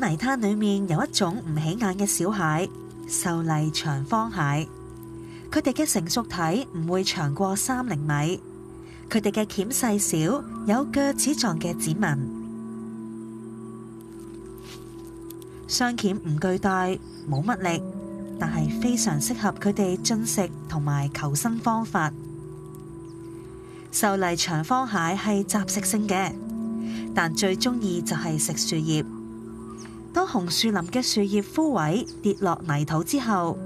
泥灘裏面有一種唔起眼嘅小蟹，秀麗長方蟹。佢哋嘅成熟體唔會長過三厘米，佢哋嘅鉗細小，有鋸齒狀嘅指紋。雙鉗唔巨大，冇乜力，但係非常適合佢哋進食同埋求生方法。秀麗長方蟹係雜食性嘅，但最鍾意就係食樹葉。當紅樹林嘅樹葉枯萎跌落泥土之後，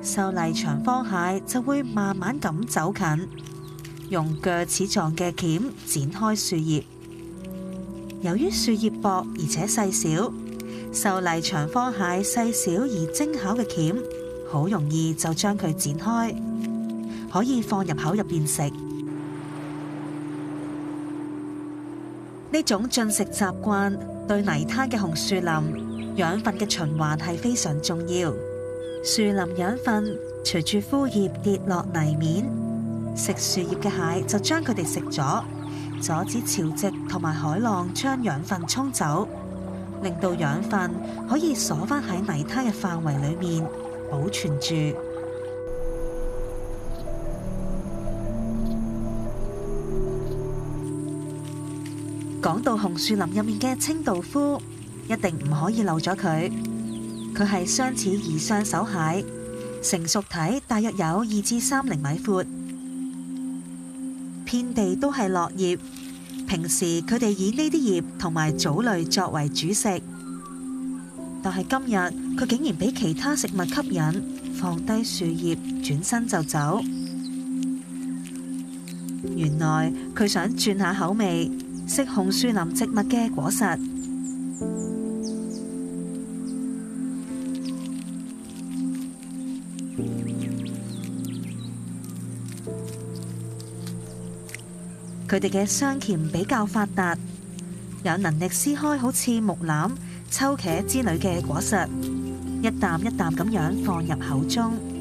秀麗長方蟹就會慢慢咁走近，用鋸齒狀嘅鉗剪開樹葉。由於樹葉薄而且細小，秀麗長方蟹細小而精巧嘅鉗，好容易就將佢剪開，可以放入口入邊食。呢種進食習慣對泥灘嘅紅樹林養分嘅循環係非常重要。樹林養分隨住枯葉跌落泥面，食樹葉嘅蟹就將佢哋食咗，阻止潮汐同埋海浪將養分沖走，令到養分可以鎖翻喺泥灘嘅範圍裏面保存住。講到紅樹林入面嘅清道夫，一定唔可以漏咗佢，佢係雙齒擬相手蟹，成熟體大約有二至三厘米闊。遍地都係落葉，平時佢哋以呢啲葉同埋藻類作為主食，但係今日佢竟然俾其他食物吸引，放低樹葉轉身就走。原來佢想轉下口味，食紅樹林植物嘅果實。佢哋嘅雙鉗比較發達，有能力撕開好似木欖、秋茄之類嘅果實，一啖一啖咁樣放入口中。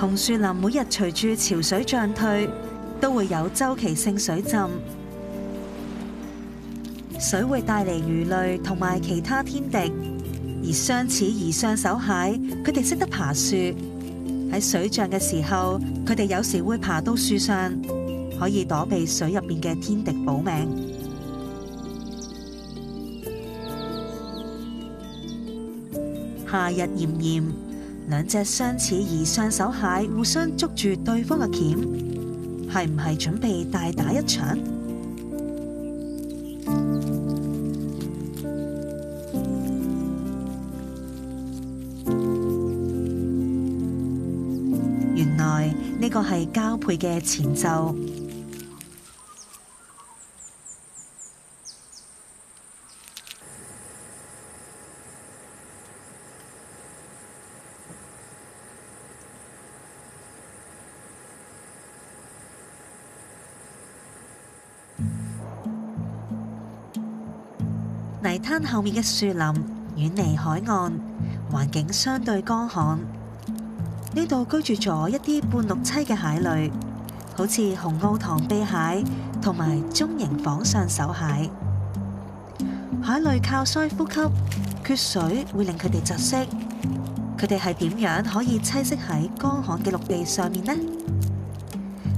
紅樹林每日隨住潮水漲退，都會有周期性水浸，水會帶嚟魚類同埋其他天敵，而雙齒擬相手蟹，佢哋識得爬樹，喺水漲嘅時候，佢哋有時會爬到樹上，可以躲避水入邊嘅天敵保命。夏日炎炎。兩隻雙齒擬相手蟹互相捉住對方嘅鉗，係唔係準備大打一場？原來呢個係交配嘅前奏。泥灘後面嘅樹林遠離海岸，環境相對乾旱。呢度居住咗一啲半陸棲嘅蟹類，好似紅螯螳臂蟹同埋中型仿相手蟹。蟹類靠鰓呼吸，缺水會令佢哋窒息。佢哋係點樣可以棲息喺乾旱嘅陸地上面呢？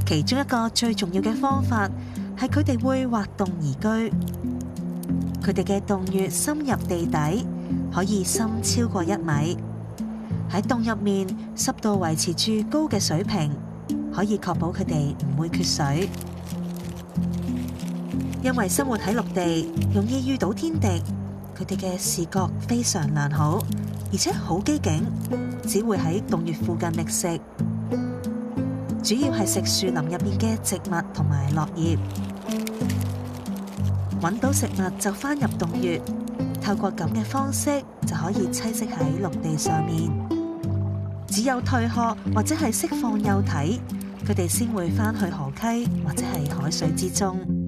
其中一個最重要嘅方法係佢哋會挖洞而居。佢哋嘅洞穴深入地底，可以深超過一米。喺洞入面，濕度維持住高嘅水平，可以確保佢哋唔會缺水。因為生活喺陸地，容易遇到天敵，佢哋嘅視覺非常良好，而且好機警，只會喺洞穴附近覓食，主要係食樹林入面嘅植物同埋落葉。揾到食物就返入洞穴，透過咁嘅方式就可以棲息喺陸地上面。只有退殼或者係釋放幼體，佢哋先會返去河溪或者係海水之中。